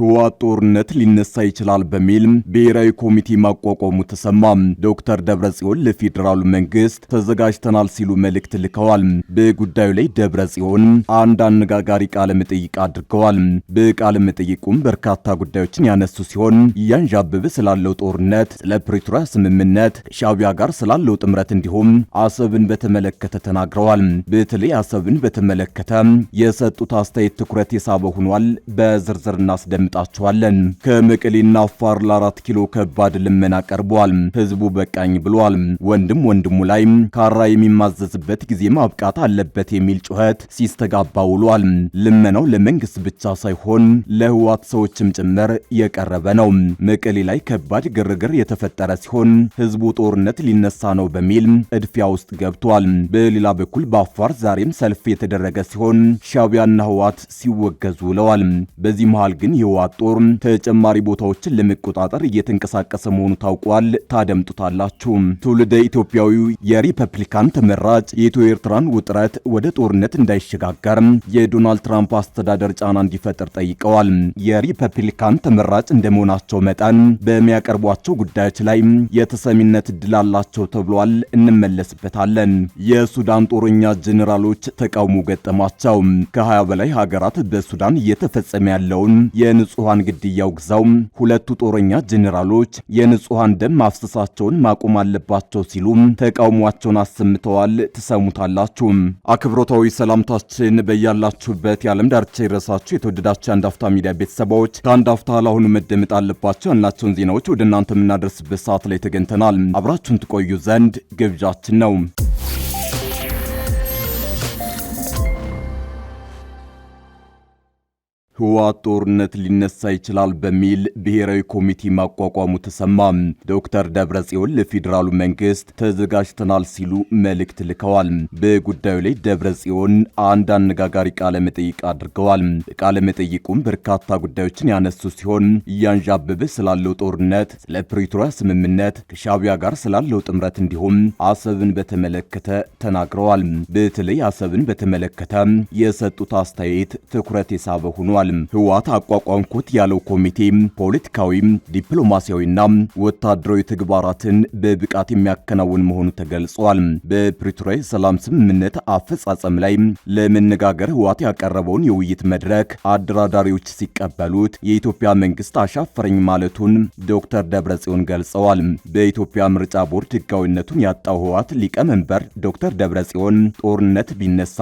ህወሓት ጦርነት ሊነሳ ይችላል በሚል ብሔራዊ ኮሚቴ ማቋቋሙ ተሰማ። ዶክተር ደብረጽዮን ለፌዴራሉ መንግስት ተዘጋጅተናል ሲሉ መልእክት ልከዋል። በጉዳዩ ላይ ደብረጽዮን አንድ አነጋጋሪ ቃለ መጠይቅ አድርገዋል። በቃለ መጠይቁም በርካታ ጉዳዮችን ያነሱ ሲሆን እያንዣበበ ስላለው ጦርነት፣ ስለ ፕሪቶሪያ ስምምነት ከሻቢያ ጋር ስላለው ጥምረት እንዲሁም አሰብን በተመለከተ ተናግረዋል። በተለይ አሰብን በተመለከተ የሰጡት አስተያየት ትኩረት የሳበ ሆኗል። በዝርዝር እናስደምጣለን። እናስደምጣችኋለን። ከመቀሌና አፋር ለአራት ኪሎ ከባድ ልመና ቀርቧል። ህዝቡ በቃኝ ብሏል። ወንድም ወንድሙ ላይ ካራ የሚማዘዝበት ጊዜ ማብቃት አለበት የሚል ጩኸት ሲስተጋባ ውሏል። ልመናው ለመንግስት ብቻ ሳይሆን ለህዋት ሰዎችም ጭምር የቀረበ ነው። መቀሌ ላይ ከባድ ግርግር የተፈጠረ ሲሆን ህዝቡ ጦርነት ሊነሳ ነው በሚል እድፊያ ውስጥ ገብቷል። በሌላ በኩል በአፋር ዛሬም ሰልፍ የተደረገ ሲሆን ሻቢያና ህዋት ሲወገዙ ውለዋል። በዚህ መሃል ግን የህወሓት ጦር ተጨማሪ ቦታዎችን ለመቆጣጠር እየተንቀሳቀሰ መሆኑ ታውቋል። ታደምጡታላችሁ። ትውልደ ኢትዮጵያዊው የሪፐብሊካን ተመራጭ የኢትዮ ኤርትራን ውጥረት ወደ ጦርነት እንዳይሸጋገር የዶናልድ ትራምፕ አስተዳደር ጫና እንዲፈጥር ጠይቀዋል። የሪፐብሊካን ተመራጭ እንደመሆናቸው መጠን በሚያቀርቧቸው ጉዳዮች ላይ የተሰሚነት እድል አላቸው ተብሏል። እንመለስበታለን። የሱዳን ጦረኛ ጄኔራሎች ተቃውሞ ገጠማቸው። ከ20 በላይ ሀገራት በሱዳን እየተፈጸመ ያለውን የንጹሐን ግድያ ውግዛው ሁለቱ ጦረኛ ጄኔራሎች የንጹሐን ደም ማፍሰሳቸውን ማቆም አለባቸው ሲሉ ተቃውሟቸውን አሰምተዋል። ትሰሙታላችሁ። አክብሮታዊ ሰላምታችን በያላችሁበት የዓለም ዳርቻ ይረሳችሁ። የተወደዳችሁ የአንዳፍታ ሚዲያ ቤተሰባዎች ከአንድ አፍታ ለአሁኑ መደመጥ አለባቸው ያልናቸውን ዜናዎች ወደ እናንተ የምናደርስበት ሰዓት ላይ ተገኝተናል። አብራችሁን ትቆዩ ዘንድ ግብዣችን ነው። ህወሓት ጦርነት ሊነሳ ይችላል በሚል ብሔራዊ ኮሚቴ ማቋቋሙ ተሰማ። ዶክተር ደብረጽዮን ለፌዴራሉ መንግስት ተዘጋጅተናል ሲሉ መልእክት ልከዋል። በጉዳዩ ላይ ደብረጽዮን አንድ አነጋጋሪ ቃለ መጠይቅ አድርገዋል። ቃለ መጠይቁም በርካታ ጉዳዮችን ያነሱ ሲሆን እያንዣበበ ስላለው ጦርነት፣ ስለ ፕሪቶሪያ ስምምነት፣ ከሻቢያ ጋር ስላለው ጥምረት እንዲሁም አሰብን በተመለከተ ተናግረዋል። በተለይ አሰብን በተመለከተ የሰጡት አስተያየት ትኩረት የሳበ ሆኗል። ተናግረዋል። ህወሓት አቋቋምኩት ያለው ኮሚቴ ፖለቲካዊ፣ ዲፕሎማሲያዊና ወታደራዊ ተግባራትን በብቃት የሚያከናውን መሆኑ ተገልጿል። በፕሪቶሪያ ሰላም ስምምነት አፈጻጸም ላይ ለመነጋገር ህወሓት ያቀረበውን የውይይት መድረክ አደራዳሪዎች ሲቀበሉት የኢትዮጵያ መንግስት አሻፈረኝ ማለቱን ዶክተር ደብረጽዮን ገልጸዋል። በኢትዮጵያ ምርጫ ቦርድ ህጋዊነቱን ያጣው ህወሓት ሊቀመንበር ዶክተር ደብረጽዮን ጦርነት ቢነሳ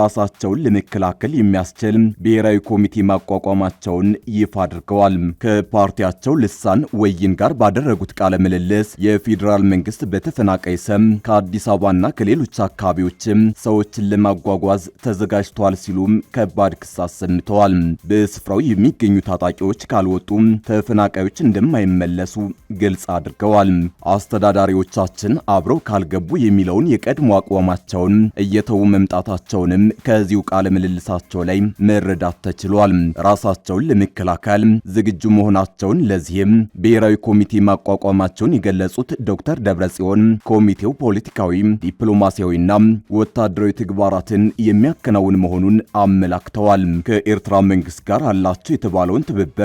ራሳቸውን ለመከላከል የሚያስችል ብሔራዊ ኮሚቴ ማቋቋማቸውን ይፋ አድርገዋል። ከፓርቲያቸው ልሳን ወይን ጋር ባደረጉት ቃለ ምልልስ የፌዴራል መንግስት በተፈናቃይ ስም ከአዲስ አበባና ከሌሎች አካባቢዎችም ሰዎችን ለማጓጓዝ ተዘጋጅተዋል ሲሉም ከባድ ክስ አሰምተዋል። በስፍራው የሚገኙ ታጣቂዎች ካልወጡ ተፈናቃዮች እንደማይመለሱ ግልጽ አድርገዋል። አስተዳዳሪዎቻችን አብረው ካልገቡ የሚለውን የቀድሞ አቋማቸውን እየተዉ መምጣታቸውንም ከዚሁ ቃለ ምልልሳቸው ላይ መረዳት ተችሏል። ተናግረዋል። ራሳቸውን ለመከላከል ዝግጁ መሆናቸውን ለዚህም ብሔራዊ ኮሚቴ ማቋቋማቸውን የገለጹት ዶክተር ደብረጽዮን ኮሚቴው ፖለቲካዊ፣ ዲፕሎማሲያዊና ወታደራዊ ተግባራትን የሚያከናውን መሆኑን አመላክተዋል። ከኤርትራ መንግስት ጋር አላቸው የተባለውን ትብብር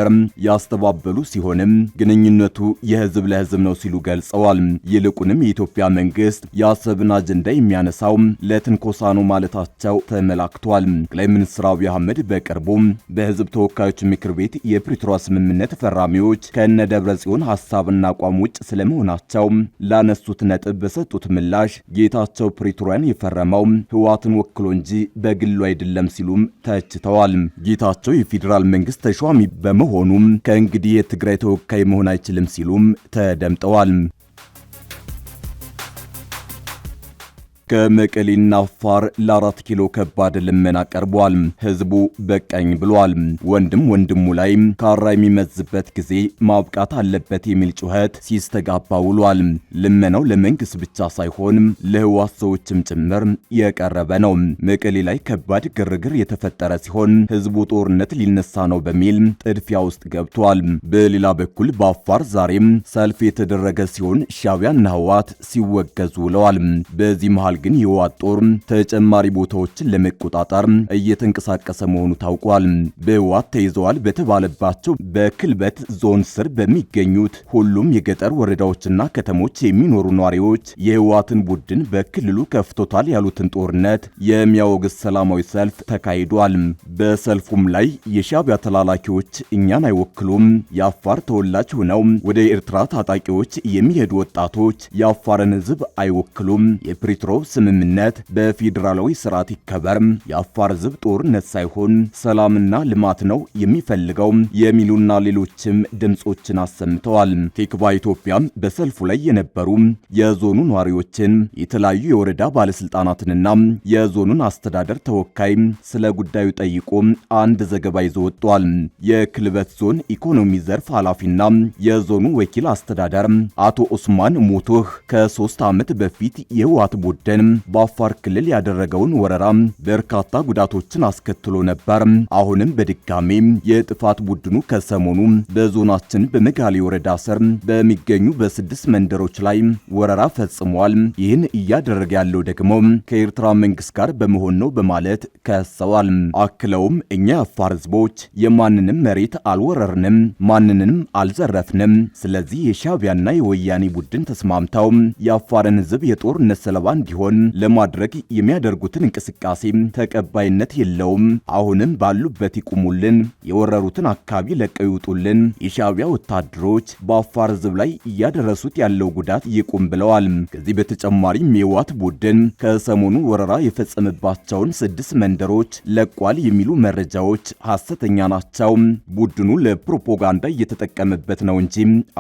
ያስተባበሉ ሲሆንም ግንኙነቱ የህዝብ ለህዝብ ነው ሲሉ ገልጸዋል። ይልቁንም የኢትዮጵያ መንግስት የአሰብን አጀንዳ የሚያነሳው ለትንኮሳ ነው ማለታቸው ተመላክቷል። ጠቅላይ ሚኒስትር አብይ አህመድ በቅርቡ በህዝብ ተወካዮች ምክር ቤት የፕሪቶሪያ ስምምነት ፈራሚዎች ከነ ደብረ ጽዮን ሀሳብና አቋም ውጭ ስለመሆናቸው ላነሱት ነጥብ በሰጡት ምላሽ ጌታቸው ፕሪቶሪያን የፈረመው ህወሓትን ወክሎ እንጂ በግሉ አይደለም ሲሉም ተችተዋል። ጌታቸው የፌዴራል መንግስት ተሿሚ በመሆኑም ከእንግዲህ የትግራይ ተወካይ መሆን አይችልም ሲሉም ተደምጠዋል። ከመቀሌና አፋር ለአራት ኪሎ ከባድ ልመና ቀርቧል። ህዝቡ በቀኝ ብሏል። ወንድም ወንድሙ ላይ ካራ የሚመዝበት ጊዜ ማብቃት አለበት የሚል ጩኸት ሲስተጋባ ውሏል። ልመናው ለመንግስት ብቻ ሳይሆን ለህዋት ሰዎችም ጭምር የቀረበ ነው። መቀሌ ላይ ከባድ ግርግር የተፈጠረ ሲሆን ህዝቡ ጦርነት ሊነሳ ነው በሚል ጥድፊያ ውስጥ ገብቷል። በሌላ በኩል በአፋር ዛሬም ሰልፍ የተደረገ ሲሆን ሻቢያና ህዋት ሲወገዙ ውለዋል። በዚህ መሃል ግን የህወሓት ጦር ተጨማሪ ቦታዎችን ለመቆጣጠር እየተንቀሳቀሰ መሆኑ ታውቋል። በህወሓት ተይዘዋል በተባለባቸው በክልበት ዞን ስር በሚገኙት ሁሉም የገጠር ወረዳዎችና ከተሞች የሚኖሩ ነዋሪዎች የህወሓትን ቡድን በክልሉ ከፍቶታል ያሉትን ጦርነት የሚያወግዝ ሰላማዊ ሰልፍ ተካሂዷል። በሰልፉም ላይ የሻቢያ ተላላኪዎች እኛን አይወክሉም፣ የአፋር ተወላጅ ሆነው ወደ ኤርትራ ታጣቂዎች የሚሄዱ ወጣቶች የአፋርን ህዝብ አይወክሉም፣ የፕሪቶሪያው ስምምነት በፌዴራላዊ ስርዓት ይከበር፣ የአፋር ህዝብ ጦርነት ሳይሆን ሰላምና ልማት ነው የሚፈልገው የሚሉና ሌሎችም ድምጾችን አሰምተዋል። ቲክቫ ኢትዮጵያ በሰልፉ ላይ የነበሩ የዞኑ ነዋሪዎችን፣ የተለያዩ የወረዳ ባለስልጣናትንና የዞኑን አስተዳደር ተወካይ ስለ ጉዳዩ ጠይቆ አንድ ዘገባ ይዞ ወጥቷል። የክልበት ዞን ኢኮኖሚ ዘርፍ ኃላፊና የዞኑ ወኪል አስተዳደር አቶ ኡስማን ሞቶህ ከሶስት ዓመት በፊት የህወሓት ቡድን ላይም በአፋር ክልል ያደረገውን ወረራ በርካታ ጉዳቶችን አስከትሎ ነበር። አሁንም በድጋሚ የጥፋት ቡድኑ ከሰሞኑ በዞናችን በመጋሌ ወረዳ ስር በሚገኙ በስድስት መንደሮች ላይ ወረራ ፈጽሟል። ይህን እያደረገ ያለው ደግሞ ከኤርትራ መንግስት ጋር በመሆን ነው በማለት ከሰዋል። አክለውም እኛ የአፋር ህዝቦች የማንንም መሬት አልወረርንም፣ ማንንም አልዘረፍንም። ስለዚህ የሻቢያና የወያኔ ቡድን ተስማምተው የአፋርን ህዝብ የጦርነት ሰለባ እንዲሆን እንዲሆን ለማድረግ የሚያደርጉትን እንቅስቃሴ ተቀባይነት የለውም። አሁንም ባሉበት ይቁሙልን፣ የወረሩትን አካባቢ ለቀው ይውጡልን። ወታደሮች በአፋር ህዝብ ላይ እያደረሱት ያለው ጉዳት ይቁም ብለዋል። ከዚህ በተጨማሪም የህወሓት ቡድን ከሰሞኑ ወረራ የፈጸመባቸውን ስድስት መንደሮች ለቋል የሚሉ መረጃዎች ሐሰተኛ ናቸው። ቡድኑ ለፕሮፓጋንዳ እየተጠቀመበት ነው እንጂ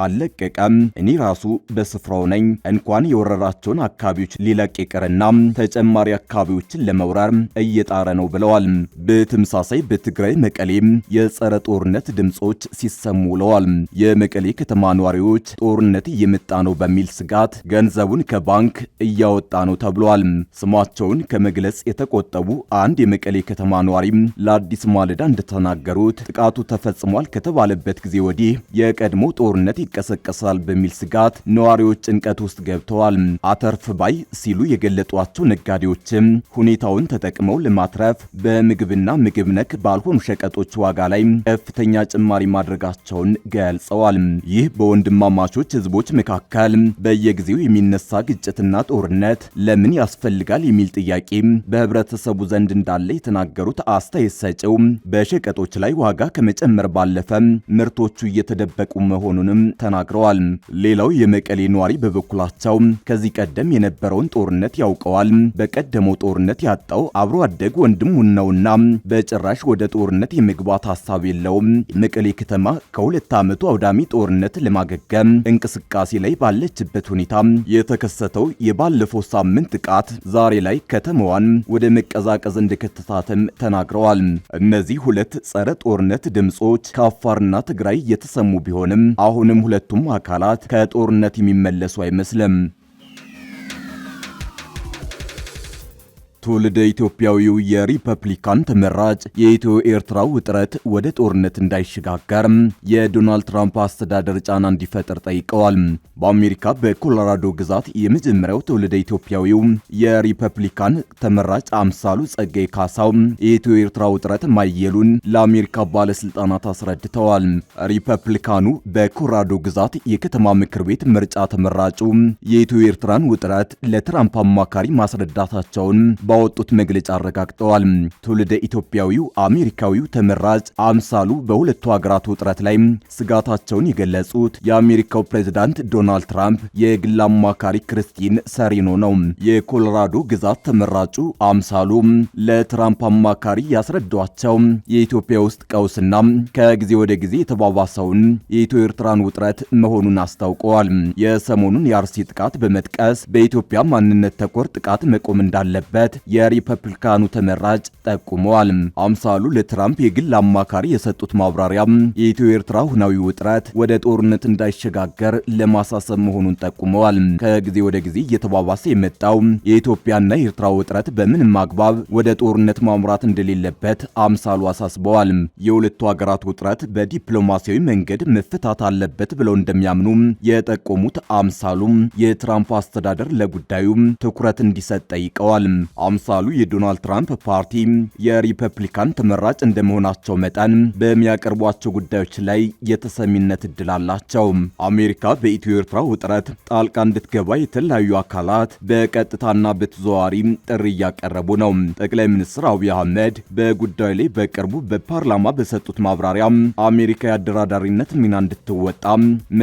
አልለቀቀም። እኔ ራሱ በስፍራው ነኝ። እንኳን የወረራቸውን አካባቢዎች ሊለቅ ይቅርና ተጨማሪ አካባቢዎችን ለመውረር እየጣረ ነው ብለዋል። በተመሳሳይ በትግራይ መቀሌ የጸረ ጦርነት ድምፆች ሲሰሙ ውለዋል። የመቀሌ ከተማ ነዋሪዎች ጦርነት እየመጣ ነው በሚል ስጋት ገንዘቡን ከባንክ እያወጣ ነው ተብሏል። ስማቸውን ከመግለጽ የተቆጠቡ አንድ የመቀሌ ከተማ ነዋሪም ለአዲስ ማለዳ እንደተናገሩት ጥቃቱ ተፈጽሟል ከተባለበት ጊዜ ወዲህ የቀድሞ ጦርነት ይቀሰቀሳል በሚል ስጋት ነዋሪዎች ጭንቀት ውስጥ ገብተዋል። አተርፍ ባይ ሲሉ የገለጧቸው ነጋዴዎችም ሁኔታውን ተጠቅመው ለማትረፍ በምግብና ምግብ ነክ ባልሆኑ ሸቀጦች ዋጋ ላይ ከፍተኛ ጭማሪ ማድረጋቸውን ገልጸዋል። ይህ በወንድማማቾች ህዝቦች መካከል በየጊዜው የሚነሳ ግጭትና ጦርነት ለምን ያስፈልጋል የሚል ጥያቄ በህብረተሰቡ ዘንድ እንዳለ የተናገሩት አስተያየት ሰጪው በሸቀጦች ላይ ዋጋ ከመጨመር ባለፈ ምርቶቹ እየተደበቁ መሆኑንም ተናግረዋል። ሌላው የመቀሌ ነዋሪ በበኩላቸው ከዚህ ቀደም የነበረውን ጦርነት ጦርነት ያውቀዋል። በቀደመው ጦርነት ያጣው አብሮ አደግ ወንድሙን ነውና በጭራሽ ወደ ጦርነት የመግባት ሐሳብ የለውም። መቀሌ ከተማ ከሁለት ዓመቱ አውዳሚ ጦርነት ለማገገም እንቅስቃሴ ላይ ባለችበት ሁኔታ የተከሰተው የባለፈው ሳምንት ጥቃት ዛሬ ላይ ከተማዋን ወደ መቀዛቀዝ እንደከተታትም ተናግረዋል። እነዚህ ሁለት ጸረ ጦርነት ድምፆች ከአፋርና ትግራይ የተሰሙ ቢሆንም አሁንም ሁለቱም አካላት ከጦርነት የሚመለሱ አይመስልም። ትውልደ ኢትዮጵያዊው የሪፐብሊካን ተመራጭ የኢትዮ ኤርትራ ውጥረት ወደ ጦርነት እንዳይሸጋገር የዶናልድ ትራምፕ አስተዳደር ጫና እንዲፈጥር ጠይቀዋል። በአሜሪካ በኮሎራዶ ግዛት የመጀመሪያው ትውልደ ኢትዮጵያዊው የሪፐብሊካን ተመራጭ አምሳሉ ጸጋይ ካሳው የኢትዮ ኤርትራ ውጥረት ማየሉን ለአሜሪካ ባለስልጣናት አስረድተዋል። ሪፐብሊካኑ በኮሎራዶ ግዛት የከተማ ምክር ቤት ምርጫ ተመራጩ የኢትዮ ኤርትራን ውጥረት ለትራምፕ አማካሪ ማስረዳታቸውን በ ባወጡት መግለጫ አረጋግጠዋል። ትውልደ ኢትዮጵያዊው አሜሪካዊው ተመራጭ አምሳሉ በሁለቱ ሀገራት ውጥረት ላይ ስጋታቸውን የገለጹት የአሜሪካው ፕሬዚዳንት ዶናልድ ትራምፕ የግል አማካሪ ክርስቲን ሰሪኖ ነው። የኮሎራዶ ግዛት ተመራጩ አምሳሉ ለትራምፕ አማካሪ ያስረዷቸው የኢትዮጵያ ውስጥ ቀውስና ከጊዜ ወደ ጊዜ የተባባሰውን የኢትዮ ኤርትራን ውጥረት መሆኑን አስታውቀዋል። የሰሞኑን የአርሲ ጥቃት በመጥቀስ በኢትዮጵያ ማንነት ተኮር ጥቃት መቆም እንዳለበት የሪፐብሊካኑ ተመራጭ ጠቁመዋል። አምሳሉ ለትራምፕ የግል አማካሪ የሰጡት ማብራሪያ የኢትዮ ኤርትራ ሁናዊ ውጥረት ወደ ጦርነት እንዳይሸጋገር ለማሳሰብ መሆኑን ጠቁመዋል። ከጊዜ ወደ ጊዜ እየተባባሰ የመጣው የኢትዮጵያና የኤርትራ ውጥረት በምንም አግባብ ወደ ጦርነት ማምራት እንደሌለበት አምሳሉ አሳስበዋል። የሁለቱ ሀገራት ውጥረት በዲፕሎማሲያዊ መንገድ መፈታት አለበት ብለው እንደሚያምኑ የጠቆሙት አምሳሉ የትራምፕ አስተዳደር ለጉዳዩ ትኩረት እንዲሰጥ ጠይቀዋል። አምሳሉ የዶናልድ ትራምፕ ፓርቲ የሪፐብሊካን ተመራጭ እንደመሆናቸው መጠን በሚያቀርቧቸው ጉዳዮች ላይ የተሰሚነት እድል አላቸው። አሜሪካ በኢትዮ ኤርትራ ውጥረት ጣልቃ እንድትገባ የተለያዩ አካላት በቀጥታና በተዘዋዋሪ ጥሪ እያቀረቡ ነው። ጠቅላይ ሚኒስትር አብይ አህመድ በጉዳዩ ላይ በቅርቡ በፓርላማ በሰጡት ማብራሪያ አሜሪካ የአደራዳሪነት ሚና እንድትወጣ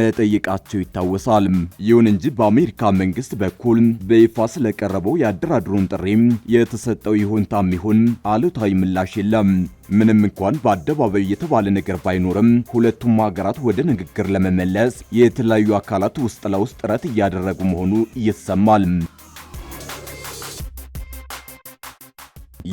መጠየቃቸው ይታወሳል። ይሁን እንጂ በአሜሪካ መንግስት በኩል በይፋ ስለቀረበው የአደራድሩን ጥሪ የተሰጠው ይሁንታም ይሁን አሉታዊ ምላሽ የለም። ምንም እንኳን በአደባባይ የተባለ ነገር ባይኖርም ሁለቱም ሀገራት ወደ ንግግር ለመመለስ የተለያዩ አካላት ውስጥ ለውስጥ ጥረት እያደረጉ መሆኑ ይሰማል።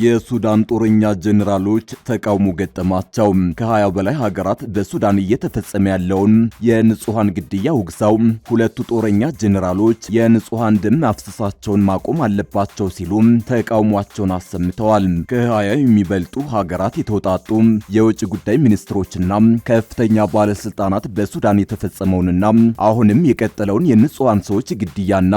የሱዳን ጦረኛ ጀኔራሎች ተቃውሞ ገጠማቸው። ከ20 በላይ ሀገራት በሱዳን እየተፈጸመ ያለውን የንጹሐን ግድያ አውግዘው ሁለቱ ጦረኛ ጀኔራሎች የንጹሐን ደም አፍሰሳቸውን ማቆም አለባቸው ሲሉ ተቃውሟቸውን አሰምተዋል። ከ20 የሚበልጡ ሀገራት የተውጣጡ የውጭ ጉዳይ ሚኒስትሮችና ከፍተኛ ባለስልጣናት በሱዳን የተፈጸመውንና አሁንም የቀጠለውን የንጹሐን ሰዎች ግድያና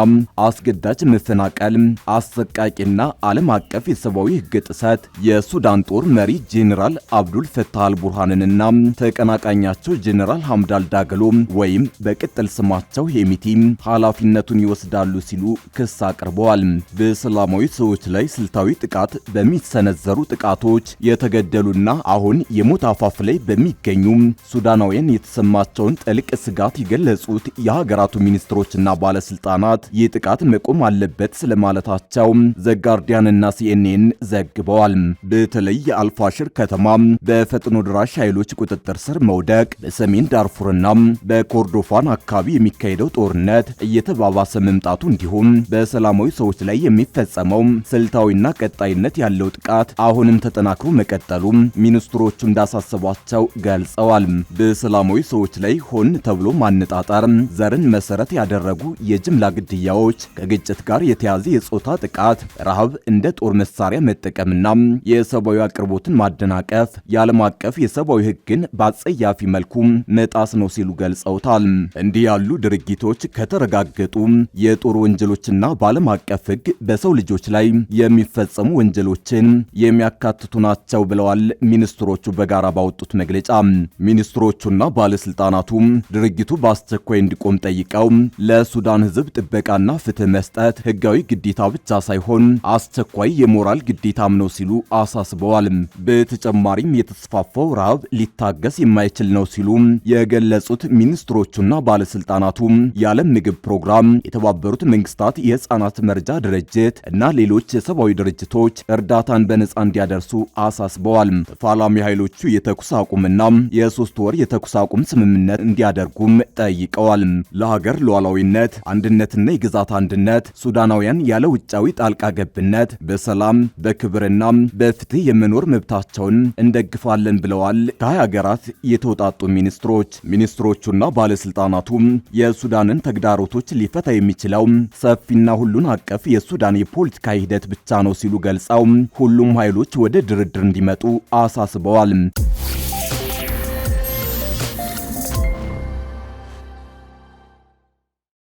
አስገዳጅ መፈናቀል አሰቃቂና ዓለም አቀፍ የሰብአዊ ሕግ ጥሰት የሱዳን ጦር መሪ ጄኔራል አብዱል ፈታህ አልቡርሃንንና ተቀናቃኛቸው ጄኔራል ሐምዳል ዳገሎ ወይም በቅጥል ስማቸው ሄሚቲ ኃላፊነቱን ይወስዳሉ ሲሉ ክስ አቅርበዋል። በሰላማዊ ሰዎች ላይ ስልታዊ ጥቃት በሚሰነዘሩ ጥቃቶች የተገደሉና አሁን የሞት አፋፍ ላይ በሚገኙ ሱዳናውያን የተሰማቸውን ጥልቅ ስጋት የገለጹት የሀገራቱ ሚኒስትሮችና ባለስልጣናት ይህ ጥቃት መቆም አለበት ስለማለታቸው ዘጋርዲያንና ሲኤንኤን ዘግበዋል። በተለይ የአልፋሽር ከተማ በፈጥኖ ድራሽ ኃይሎች ቁጥጥር ስር መውደቅ በሰሜን ዳርፉርና በኮርዶፋን አካባቢ የሚካሄደው ጦርነት እየተባባሰ መምጣቱ እንዲሁም በሰላማዊ ሰዎች ላይ የሚፈጸመው ስልታዊና ቀጣይነት ያለው ጥቃት አሁንም ተጠናክሮ መቀጠሉ ሚኒስትሮቹ እንዳሳሰቧቸው ገልጸዋል። በሰላማዊ ሰዎች ላይ ሆን ተብሎ ማነጣጠር፣ ዘርን መሰረት ያደረጉ የጅምላ ግድያዎች፣ ከግጭት ጋር የተያዘ የጾታ ጥቃት፣ ረሃብ እንደ ጦር መሳሪያ መጠ መጠቀምና የሰብአዊ አቅርቦትን ማደናቀፍ የዓለም አቀፍ የሰብአዊ ሕግን በአጸያፊ መልኩ መጣስ ነው ሲሉ ገልጸውታል። እንዲህ ያሉ ድርጊቶች ከተረጋገጡ የጦር ወንጀሎችና በዓለም አቀፍ ሕግ በሰው ልጆች ላይ የሚፈጸሙ ወንጀሎችን የሚያካትቱ ናቸው ብለዋል ሚኒስትሮቹ በጋራ ባወጡት መግለጫ። ሚኒስትሮቹና ባለስልጣናቱ ድርጊቱ በአስቸኳይ እንዲቆም ጠይቀው ለሱዳን ሕዝብ ጥበቃና ፍትህ መስጠት ህጋዊ ግዴታ ብቻ ሳይሆን አስቸኳይ የሞራል ግዴታ ግዴታም ነው ሲሉ አሳስበዋል። በተጨማሪም የተስፋፋው ረሃብ ሊታገስ የማይችል ነው ሲሉ የገለጹት ሚኒስትሮቹና ባለስልጣናቱ የዓለም ምግብ ፕሮግራም፣ የተባበሩት መንግስታት የህፃናት መርጃ ድርጅት እና ሌሎች የሰብአዊ ድርጅቶች እርዳታን በነጻ እንዲያደርሱ አሳስበዋል። ተፋላሚ ኃይሎቹ የተኩስ አቁምና የሶስት ወር የተኩስ አቁም ስምምነት እንዲያደርጉም ጠይቀዋል። ለሀገር ሉዓላዊነት አንድነትና የግዛት አንድነት ሱዳናውያን ያለ ውጫዊ ጣልቃ ገብነት በሰላም በ በክብርና በፍትህ የመኖር መብታቸውን እንደግፋለን ብለዋል። ከሀያ ሀገራት የተውጣጡ ሚኒስትሮች ሚኒስትሮቹና ባለስልጣናቱ የሱዳንን ተግዳሮቶች ሊፈታ የሚችለው ሰፊና ሁሉን አቀፍ የሱዳን የፖለቲካ ሂደት ብቻ ነው ሲሉ ገልጸው ሁሉም ኃይሎች ወደ ድርድር እንዲመጡ አሳስበዋል።